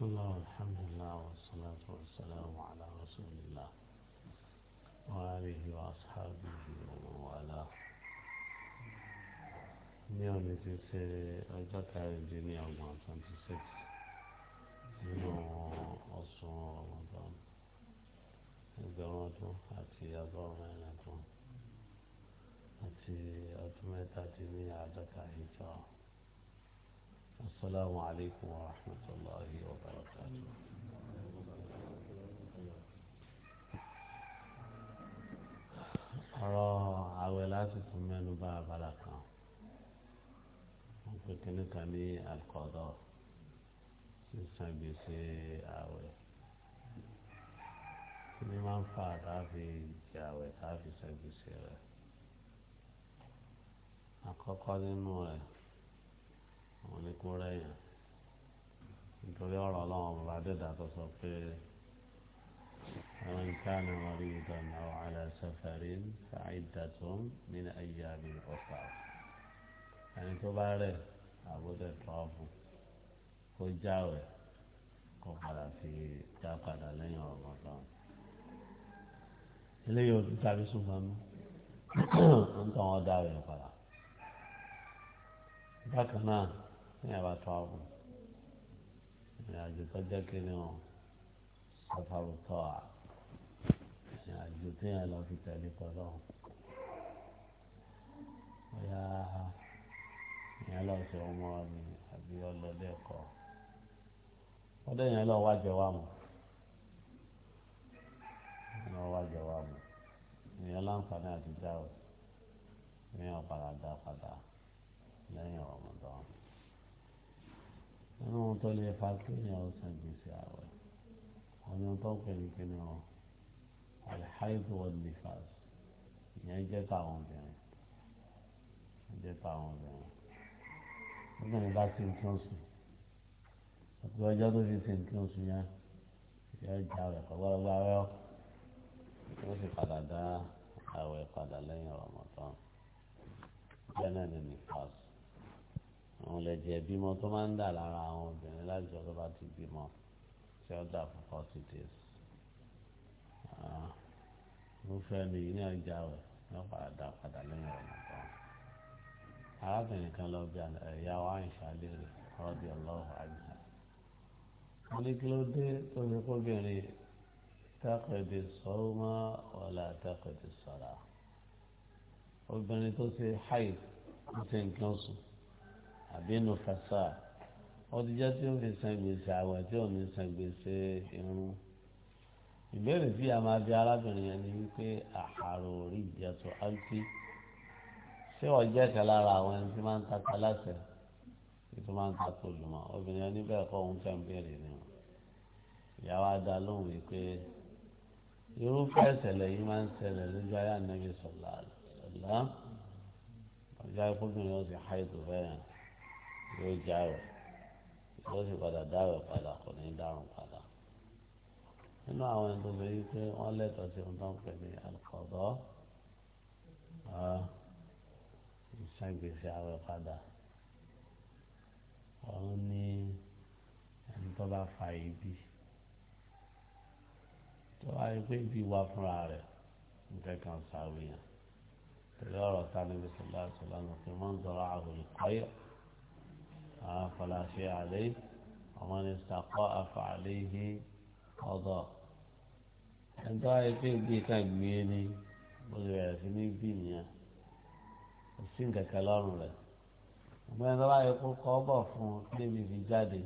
بسم الله والحمد لله والصلاة والسلام على رسول الله وآله وآصحابه وآله نيوم نتيسي عجاك هاي الجنية عمان 26 نيوم أصوم رمضان دوماتو هاتي أضوم أينكم هاتي أتمتا تيني عدا السلام عليكم ورحمة الله وبركاته ọ̀rọ̀ àwẹ̀ láti tún mẹ́nu bá abala kan wọ́n pe kínní kan ní alikọ́dọ̀ sísan gbèsè àwẹ̀ kínní máa ń fa àtàfi jẹ àwẹ̀ tààfi san gbèsè rẹ̀ àkọ́kọ́ nínú rẹ̀ wọn ní kún rẹ̀yàn nítorí ọ̀rọ̀ ọlọ́run ọba dẹ́dà tó sọ pé àwọn nǹkan àwọn rí ìdáná ọ̀hánà sẹ́fẹ̀rí fàáìdàtún nínú ayé àmì ọ̀fà ẹni tó bá rẹ̀ àbúdẹ̀ tọ́ọ̀bù kó jáwèé kó padà fi já padà lẹ́yìn ọ̀gbọ̀n náà eléyìí ò tàbí súnmọ́nú ń tàn wọ́n dáwèé padà bákan náà ní àbá tọ́wọ́ ìrìn àjò tó jẹ́ kínní ọ̀ sọ́fàrù tọ́wà ìrìn àjò tí yẹn lọ fi tẹ̀lé pọ̀lọ́ ọ̀yà ìyẹn lọ sí ọmọ mi àbí ọlọ́dẹ ẹ̀kọ́ ọdẹ yẹn lọ wájọ wà mọ́ lọ wájọ wà mọ́ ìyẹn láǹfààní àtijọ́ ìyẹn ọ̀padà dá padà lẹ́yìn ọ̀rọ̀ mọ́tọ́ nínú tó lè fa kéèyàn ọ̀sán gbèsè àwẹ̀ ọ̀nà tó pẹ̀lú kíni ọ̀ alhaidu wa nifas ìyẹn jẹ́ táwọn obìnrin jẹ́ táwọn obìnrin obìnrin bá ti ń tún sùn àti ọjọ́ tó fi ti ń tún sùn yẹn ìyẹn já rẹ̀ kọ́ gbọ́dọ̀ gbá ó sì padà dá àwẹ̀ padà lẹ́yìn ọ̀rọ̀ mọ̀tán bẹ́ẹ̀ náà ni nifas àwọn lẹ̀jẹ̀ bímọ tó máa ń dà lára àwọn obìnrin láti ọ̀dọ́ bá ti bímọ tí ó dà fún forty days. Ah, irúfẹ́ ni ilé ọjà rẹ̀ yóò padà dà padà lẹ́yìn ọ̀nà kan. arábìnrin kan lọ bí ẹ̀yà wa ń ṣàlérè ọ̀dì ọlọ́wọ́ àgbà. wọ́n ní kí ló dé tó fi kóbìnrin tákàdé sọ́ọ́mọ́ wọlé tákàdé sọ́ra. obìnrin tó ṣe háì ó ṣe nǹkan sùn àbí inú fasa ọdún jẹ́ tí ó fi san gbèsè àwẹ̀ tí ò ní san gbèsè irun ìbéèrè tí a máa bí arábìnrin yẹn ni wípé àhàrò orí ìjẹsọ àǹtí ṣé ọjọ́ kan lára àwọn ẹni tí máa ń tata láṣẹ tí tó máa ń tata olùmọ̀ obìnrin yẹn níbẹ̀ kọ́ òun fẹ́ ń béèrè ni o ìyá wa dá lóhùn wípé irúfẹ́ ìṣẹ̀lẹ̀ yìí máa ń ṣẹlẹ̀ lójú ayé ànágbèsọ̀lá ọ̀la ọjọ́ ikú ó sì háìdù bẹ́ẹ̀ yẹn yóò já rẹ̀ yóò sì padà dá rẹ̀ padà kò ní dárùn padà. nínú àwọn ẹni tó lóyún pé wọ́n lẹ́tọ̀ọ́ sí ohun tó ń pè ní alùpàdọ́ ìṣàgbèsè àwẹ̀ padà òun ni ẹni tó bá fa ibi tó wá pé ibi wá fúnra rẹ̀ nǹkan kan sàrò yẹn pẹ̀lú ọ̀rọ̀ tá a níbi sọ̀lá sọ̀lá nù pé wọ́n ń dọ̀rọ̀ àwòrán kọ́yọ̀. فلا شيء عليه ومن استقاء فعليه قضاء ẹn tó ayé pé bí ká gbé ni mo lè bẹ̀rẹ̀ sí ní bí nìyẹn kò sí nǹkan kan lọ́rùn rẹ̀ ọmọ ẹni tó bá yẹ kó kọ́ bọ̀ fún un débi fi jáde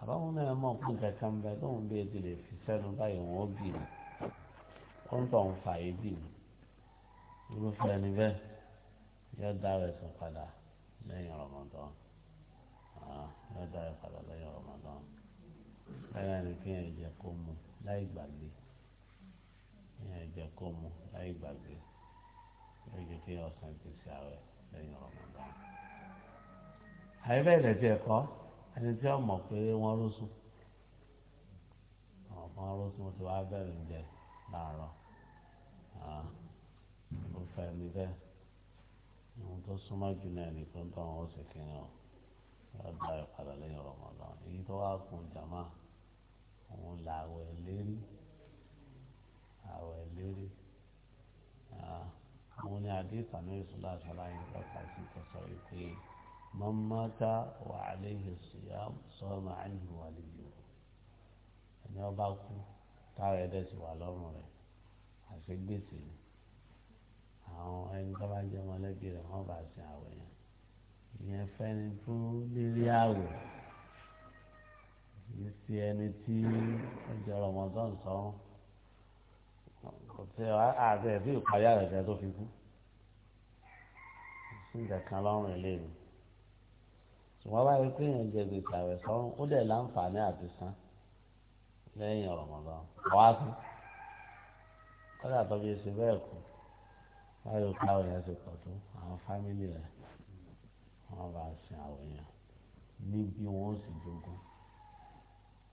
àbáwọn náà mọ̀ fún nǹkan kan bẹ tóun bí etí lè fi sẹ́nu báyìí wọ́n ó bì ní ó ń tọ̀ ń fà yé bì ní irúfẹ́ ẹni bẹ́ẹ̀ yóò dá rẹ̀ sùn padà lẹ́yìn ọ̀rọ̀ mọ́tọ́ yóò dára padà lẹ́yìn Ramadan láyà ni kí yẹn jẹ kó mu láì gbàgbé kí yẹn jẹ kó mu láì gbàgbé yóò jẹ kí yẹn ọ̀sán ti ṣe àwẹ̀ lẹ́yìn Ramadan. àyẹ̀bẹ̀ ìdẹ̀tí ẹ̀kọ́ ẹni tí wọ́n mọ̀ pé wọ́n rú sùn wọ́n rú sùn tí wọ́n á bẹ̀rẹ̀ ń jẹ láàárọ̀ ó ah, fẹ́ mi bẹ́ẹ̀ ohun tó súnmọ́ jù náà nìkan tó àwọn ọ̀sẹ̀ kìíní ọ̀ ọ̀dà ìpadà lẹ́yìn rọmọdán èyí tó wá kun jama òun là àwẹ̀ lérí àwẹ̀ lérí ah, òun ni àdéhùn ní ìṣúná àṣàlàyé tọ́ka sí tọ́sọ ìpè mọ́mọ́tá wà alayhi siyam sọ́ọ̀mà ànìhù wà lẹ́yìn ẹni ọba kú táwọn ẹ̀dẹ̀ sì wà lọ́rùn rẹ̀ àṣegbèsè ni àwọn ẹni tó bá jẹ́ mọ́lẹ́bí rẹ̀ wọ́n bá sin àwẹ̀ yẹn ìyẹn fẹ́ni fún rírí àwẹ̀ kìí ṣe ẹni tí ọjọ́ rọmọdán sọ̀rọ̀ kò tí àti ẹ̀fí ìpayà rẹ̀ tó fi kú sí ìdẹ̀kan lọ́rùn eléyìí ṣùgbọ́n báyìí pé èèyàn jẹ gbèsè àwẹ̀ sọ́run ó dẹ̀ láǹfààní àti san lẹ́yìn rọmọdán wá sí kọ́dà tó fi ṣe bẹ́ẹ̀ kú báyìí káwọn yẹn ti pọ̀ tó àwọn fámìlì rẹ̀ wọ́n bá sin àwọn èèyàn ní bí wọ́n sì jogún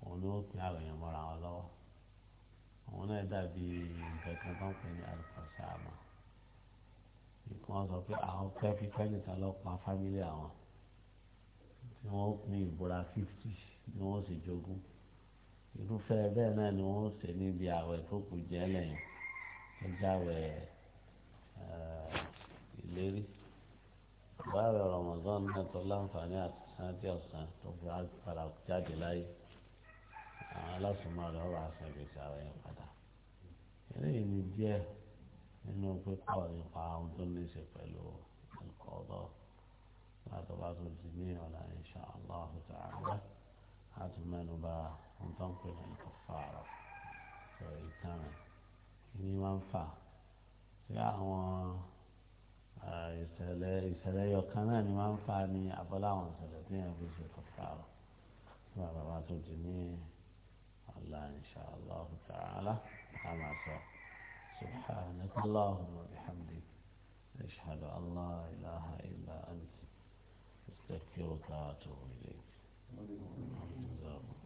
òun ló pín àwọn èèyàn mọ́ra wọn lọ́wọ́ òun náà dàbí nǹkan kan tó ń pè ní alifasama ìkan sọ pé àwọn pẹ́ fífẹ́ nìkan lọ pa fámílì àwọn tí wọ́n pín ìbúra fífì ni wọ́n sì jogún irúfẹ́ bẹ́ẹ̀ náà ni wọ́n ṣe níbi àwẹ̀ tó kù jẹ́ lẹ́yìn ẹjọ́ àwẹ̀ eh, ìlérí gbààwẹ̀ Ramadan náà tó láǹfààní àti sáńtì ọ̀sán tó fi padà jáde láyé àwọn alásùnmọ́ rẹ̀ wà sàn gbèsè àwọn yẹn padà eléyìí ni díẹ̀ nínú pípọ̀ nípa ohun tó ní í ṣe pẹ̀lú nǹkan ọ̀dọ́ láti bá tó di ní ọ̀la insha Allah ta'ala láti mẹ́nu bà ohun tó ń pè ní nǹkan fàárọ̀ sọ ìtàn rẹ̀ kí ni máa ń fà sí àwọn. Ah, ìṣẹ̀lẹ̀ ìṣẹ̀lẹ̀ yọkan náà ni máa ń fa ní abọ́lá àwọn ìṣẹ̀lẹ̀ tí yẹn fi ṣe kọ̀ọ̀kan rọ̀ tí bàbá wa tó di ní ọ̀la ìṣàlọ́ ọ̀tàràlá a máa sọ سبحانك اللهم وبحمدك أشهد أن لا إله إلا أنت أستغفرك وأتوب إليك